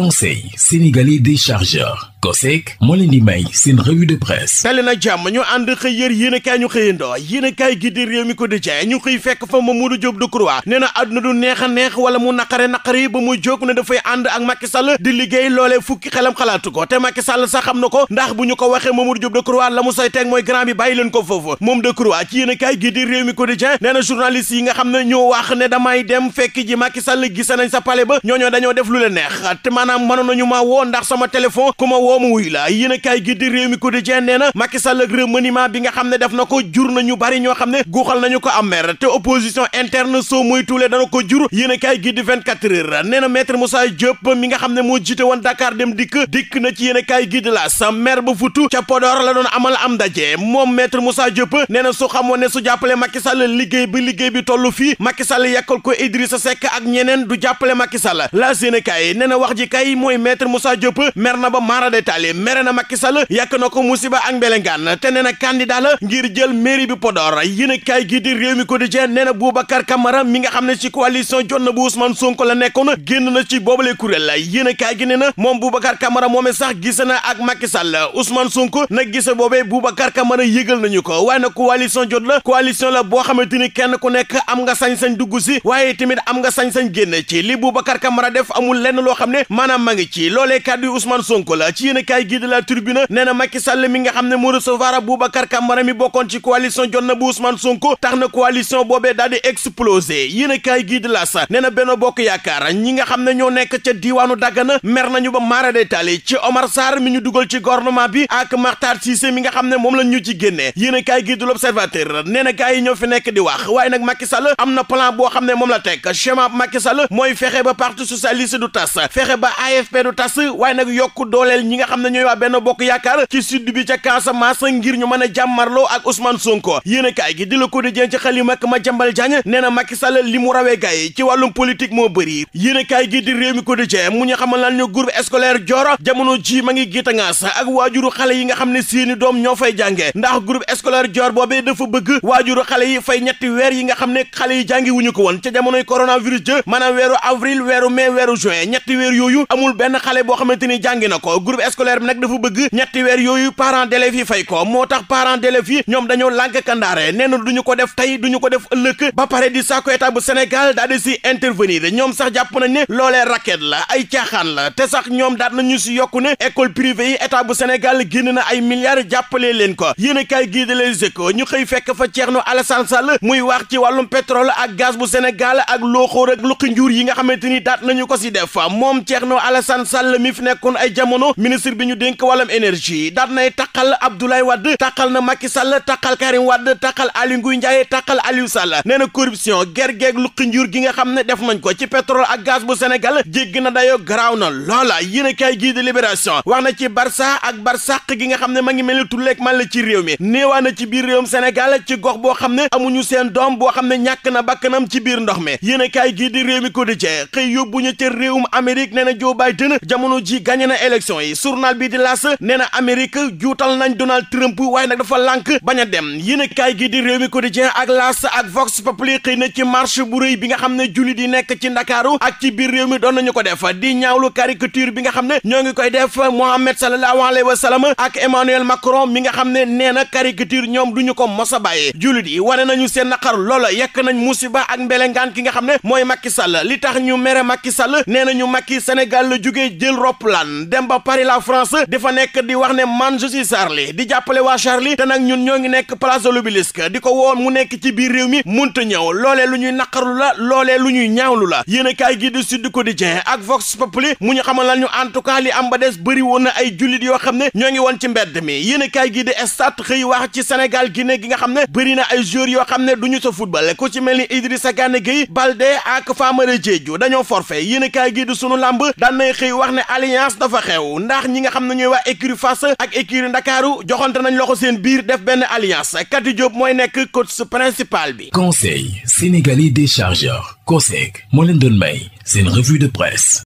conseil sénégalais des chargeurs COSEC moo leen di may de presse tali na jàmm ñu ànd xëy yër yéenekaay ñu xëyandoo yéenekaay gi di réew mi ko di jaay ñu xëy fekk fa Mamadou Diop Decroix nee na àdduna du neex a neex wala mu naqare naqare ba muy jóg ne dafay ànd ak Macky Sall di liggéey loolee fukki xelam xalaatu ko te Macky Sall xam na ko ndax bu ñu ko waxee Mamadou Diop Decroix la mu say teg mooy grand bi bàyyi leen ko foofu moom Decroix ci yéenekaay maanaam mënoon nañu maa woo ndax sama téléphone a kaay gi di mi nga xam ne def na ko jur nañu bari ñoo xam ne guuxal ko am mer te opposition interne soo a kaay ne moo jiite woon Dakar dem dikk dikk na ci yéen a kaay la sa maire ba futu ca Podor la doon amal am daje moom maître Moussa Diop nee na su xamoon ne su jàppale Macky Sall liggéey bi liggéey bi tollu fii Macky Sall yàkkal ko Idrissa Seck ak ñeneen du jàppale le Sall la yéen a kaay nee wax ji kay mooy maître Moussa Diop mer na ba maara détaillé mere na Macky Sall yàq na ko musiba ak mbelengaan te nee na candidat la ngir jël mairie bi Podor yéen a kaay gi di réew mi quotidien nee na Boubacar Camara mi nga xam ne ci coalition jot na bu Ousmane Sonko la nekkoon génn na ci boobale kuréel la yéen a kaay gi nee na moom Boubacar Camara moomee sax gise na ak Macky Sall Ousmane Sonko na gise bu boobee Boubacar Camara yëgal nañu ko waaye nag coalition jot la coalition la boo xamante ni kenn ku nekk am nga sañ-sañ dugg si waaye tamit am nga sañ-sañ génn ci li Boubacar Camara def amul lenn loo xam ne maanaam ma ngi ci loolee kàddu yi Ousmane Sonko la ci yéenekaay gi de La Tribune nee na Macky mi nga xam ne mu recevoir Aboubacar Camara mi bokkoon ci coalition jot na bu Ousmane Sonko tax na coalition boobee daal di explosé yéenekaay gi La Sa nee na Benno Bokk Yaakaar ñi nga xam ne ñoo nekk ca diiwaanu Dagana mer nañu ba maara détaali ci Omar Sarr mi ñu dugal ci gouvernement bi ak Makhtar Cissé mi nga xam ne moom la ñu ci génnee yéenekaay gi de L'Observateur nee na gars yi ñoo fi nekk waaye nag Macky Sall am na xam ne moom la teg schéma mooy fexe ba parti socialiste ba AFP du tas waaye nag yokku dooleel ñi nga xam ne ñooy wa benn bokk yaakaar ci sud bi ca Casamance ngir ñu mën a jàmmarloo ak Ousmane Sonko yéen a kaay gi di la quotidien ci xalima ak Madiambal Diagne nee na Macky Sall li mu rawee gars yi ci wàllum politique moo bëri yéen a kaay gi di réew mi quotidien mu ñu xamal lan ñu groupe scolaire Dior jamono ji ma ngi giita ngaas ak waajuru xale yi nga xam ne seeni doom ñoo fay jànge ndax groupe scolaire Dior boobee dafa bëgg waajuru xale yi fay ñetti weer yi nga xam ne xale yi jàngi wuñu woon ca jamonoy coronavirus jë maanaam weeru avril weeru mai weeru juin ñetti yooyu yooyu amul benn xale boo xamante ni jàngi na ko groupe scolaire bi nag dafa bëgg ñetti weer yooyu parents d'élèves yi fay ko moo tax parents d'élèves yi ñoom dañoo lànk kandaare nee na du ñu ko def tey du ñu ko def ëllëg ba pare di sàkku état bu Sénégal daal di si intervenir ñoom sax jàpp na ne loolee racket la ay caaxaan la te sax ñoom na ñu si yokku ne école privée yi état bu Sénégal génn na ay milliards jàppale leen ko yéen a kaay gii de ñu xëy fekk fa Thierno Alassane Sall muy wax ci wàllum pétrole ak gaz bu Sénégal ak loo xóor ak yi nga xamante ni daat nañu ko si def moom Thierno noonu Alassane Sall mi fi nekkoon ay jamono ministre bi ñu dénk wàllum énergie daat nay taqal Abdoulaye Wade taqal na Macky Sall taqal Karim Wade taqal Aly Ngouille Ndiaye Aliou Sall nee na corruption gergeeg lu njur gi nga xam ne def nañ ko ci pétrole ak gaz bu Sénégal jéggi na dayoo garaaw na loola yéen a kaay gii di Libération wax na ci Barça ak Barsàq gi nga xam ne ma ngi mel ni tulleeg man la ci réew mi néewaa na ci biir réewum Sénégal ci gox boo ne amuñu seen doom boo xam ne ñàkk na bakkanam ci biir ndox mi yéen kaay gii di réew mi ko di cee xëy yóbbuñu ca réewum Amérique nee na Joe Biden jamono ji gagné na yi journal bi di laas nee na juutal nañ Donald Trump waaye nag dafa lànk bañ a dem yéen a kaay gi di réew mi quotidien ak laas ak Vox Populi xëy ci marche bu bi nga xam ne julli di nekk ci Ndakaaru ak ci biir réew mi doon ko def di ñaawlu caricature bi nga xam ne ñoo ngi koy def Mohamed sallallahu alayhi wa sallam ak Emmanuel Macron mi nga xam ne nee na caricature ñoom duñu ko mos a yi wane nañu seen Sénégal la jugee jël roppalaan dem ba Paris la France dafa nekk di wax ne man je suis di jàppale waa Charlie te nag ñun ñoo ngi nekk place de l'Obélisque di ko woon mu nekk ci biir réew mi munta ñëw loole lu ñuy naqarlu la loole lu ñuy ñaawlu la yéen a kaay gi di Sud Quotidien ak Vox Populi mu ñu xamal la ñu en tout cas li am ba des bëri woon na ay jullit yoo xam ne ñoo ngi woon ci mbedd mi yéen a kaay gi di Stade xëy wax ci Sénégal Guinée gi nga xam ne bëri na ay joueurs yoo xam ne du ñu sa football ci mel ni Idrissa Gana Gueye Baldé ak dañoo forfait yéen a kaay di sunu làmb daan nay xëy wax ne alliance dafa xew ndax ñi nga xam na ñooy wax écurie Fass ak écurie Ndakaaru joxante nañ loxo seen biir def benn alliance Kati Diop mooy nekk coach principal bi. Conseil sénégalais des chargeurs COSEC moo leen doon may seen revue de presse.